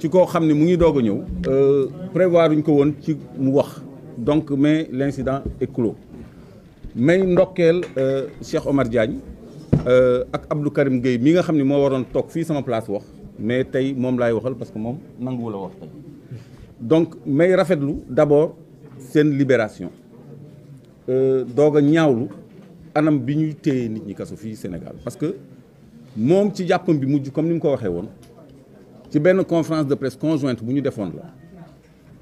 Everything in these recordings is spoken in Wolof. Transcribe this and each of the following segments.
ci ko xamni mu ngi doog ñew euh prévoir ko won ci mu wax donc mais l'incident est clos mais euh Cheikh Omar Diagne euh, ak Abdou Karim Gueye mi nga xamni mo waron tok fi sama place wax mais tay mom lay waxal parce que mom nanguwu la wax tay donc mais rafetlu d'abord sen libération euh a ñaawlu anam bi téyé nit ñi kasso fi Sénégal parce que mom ci jappam bi mujj comme nim ko waxé won ci une conférence de presse conjointe bu nous defoon la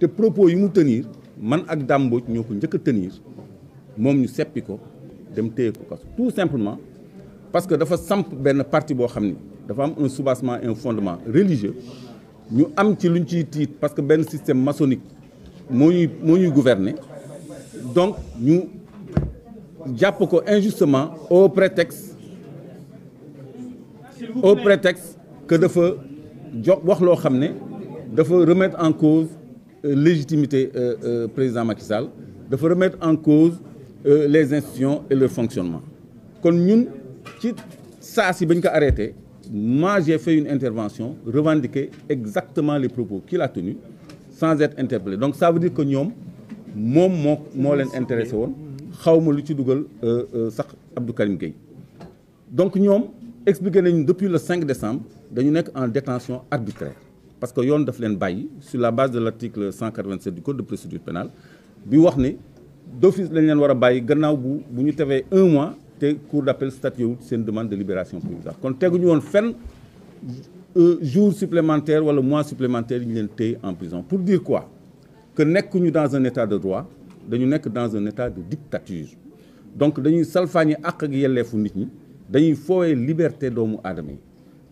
te propos yi mu tenir man ak dambo ñoo ko njëkk tenir moom ñu seppi ko dem téye ko tout simplement parce que dafa samp benn parti boo xam ni dafa am un soubassement et un fondement religieux nous am ci luñ parce que benn système maçonnique nous ñuy donc nous jàpp ko injustement au prétexte au prétexte que dafa il wax loo xam dafa remettre en cause euh, légitimité euh, euh, président Macky Sall dafa remettre en cause les institutions et le fonctionnement kon ñun ci si bañ ko arrêté moi j'ai fait une intervention revendiquer exactement les propos qu'il a tenus sans être interpellé donc ça veut dire que nous moom moo moo leen intéressé woon xawma lu ci sax Abdou Karim Gueye donc ñoom expliqué que depuis le 5 décembre nous sommes en détention arbitraire parce que yoon daf leen sur la base de l'article 187 du code de procédure pénale Nous avons ne un mois la cour d'appel statutaire, c'est une demande de libération provisoire kon avons fait un jour supplémentaire ou un mois supplémentaire nous ñu en prison pour dire quoi que sommes dans un état de droit nous sommes dans un état de dictature donc dañuy avons fait ak yelleefu nit ñi dañuy fowé liberté doomu adamé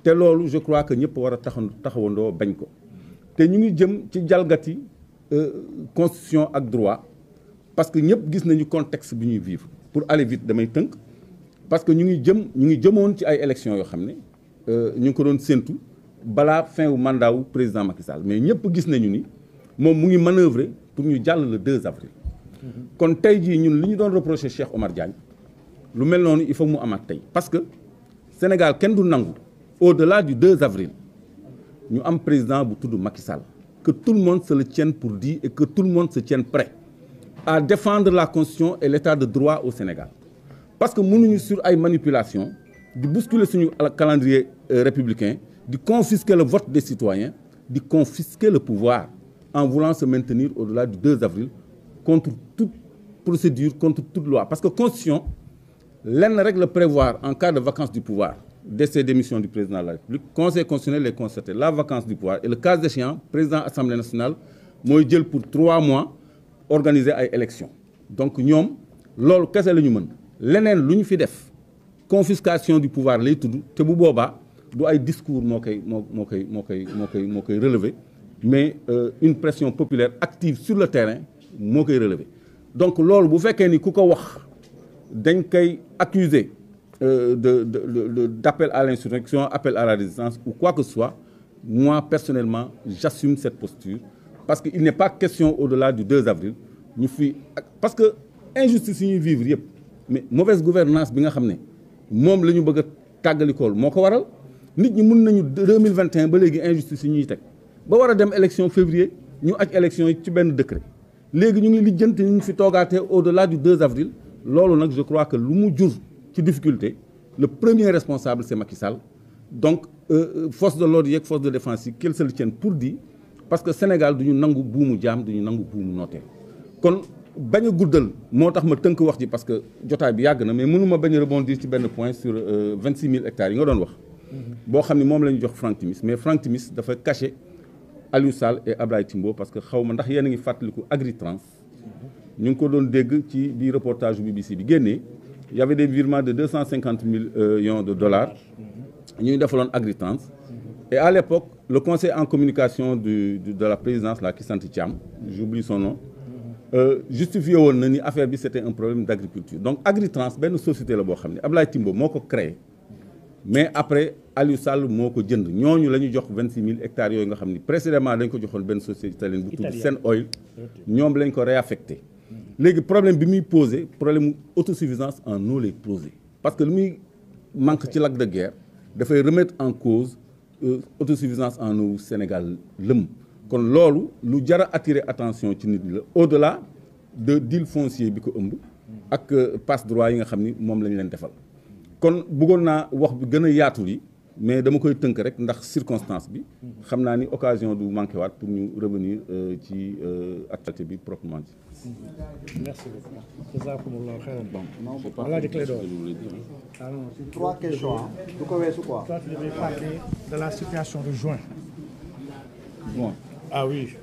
té lolu je crois que ñëpp wara taxawando bañ ko té ñu ngi jëm ci jalgati euh, constitution ak droit parce que ñëpp gis nañu contexte bi ñuy vivre pour aller vite damay teunk parce que ñu ngi jëm ñu ngi jëmoon ci ay élections yo xamné euh ñu ko doon sentu bala fin wu mandat wu président Macky Sall mais ñëpp gis nañu ni mom mu ngi manœuvrer pour ñu jall le 2 avril mm-hmm. kon tay ji ñun li ñu doon reprocher Cheikh Omar Diagne le mel noonu il faut mu parce que Sénégal au-delà du 2 avril ñu am président bu tudd Macky Sall que tout le monde se le tienne pour dit et que tout le monde se tienne prêt à défendre la constitution et l'état de droit au Sénégal parce que mënuñu sur ay manipulation de bousculer suñu calendrier euh, républicain de confisquer le vote des citoyens de confisquer le pouvoir en voulant se maintenir au-delà du 2 avril contre toute procédure contre toute loi parce que constitution les règle prévoit prévoir en cas de vacances du pouvoir décès démission du président de la République le conseil constitutionnel les constaté la vacance du pouvoir et le cas échéant président de l'Assemblée nationale m'a dit pour trois mois organiser une élection. donc nous, loolu kese ce que nous nous, confiscation du pouvoir lay tout te bu y du ay discours moo koy moo mais une pression populaire active sur le terrain moo est relever donc lors bu faites ni ku ko d'un koy accusé euh, d'appel à l'insurrection appel à la résistance ou quoi que ce soit moi personnellement j'assume cette posture parce qu'il n'est pas question au-delà du 2 avril parce que injustice yi vivre mais mauvaise gouvernance bi nga xam ne moom la ñu bëgg a tàggalikool waral nit ñi 2021 ba légui injustice avons ñuy teg ba wara élection février ñu acc élection ci benn décret légui ñu ngi ñu fi au-delà du 2 avril loolu nak je crois que lu mu jur ci difficulté le premier responsable c'est Macky Sall donc euh, euh force de l'ordre yek force de défense yi qu'elles se le pour dit parce que Sénégal duñu nangu boumu diam, duñu ñu nangu buumu nooteel kon baña a guddal moo ma teunk wax ji parce que jotaay bi yag na mais mënuma ma bañ rebondir ci benn point sur euh, vingt six hectares yi nga doon wax bo xamni mom moom jox Franck Timis mais Franck Timis dafa caché Aliou Sall et Ablaye Timbo parce que xawma ndax yéen a ngi fàttaliku Agri Trans nous avons ko des reportages ci le reportage BBC Il y avait des virements de 250 000 millions de dollars Nous avons fait Agritrans et à l'époque le conseil en communication de la présidence la s'en Thiam j'oublie son nom euh, justifiait que c'était un problème d'agriculture donc Agritrans une société la a xam ne créé mais après Aliou Sall moo ko jënd ñooñu hectares précédemment nous avons fait une société italienne bu tudd Sen Oil. lañ réaffecté les problème qui muy posé problème autosuffisance en eau les posé parce que le manque de lac de Guiers remettre en cause l'autosuffisance euh, en eau Sénégal Donc, kon qui a attirer l'attention au delà de deal foncier et euh, que passe droit yi nga xam ni ce leen defal mais dama koy teunk rek ndax circonstance bi xamna ni occasion du manquer waat pour ñu revenir euh, ci euh, actualité bi proprement dit. merci beaucoup. que jazakumullahu xayran. bon Alaaji Clédor. alors ah trois questions hein. du ko quoi. parler de la situation de juin. bon ah oui.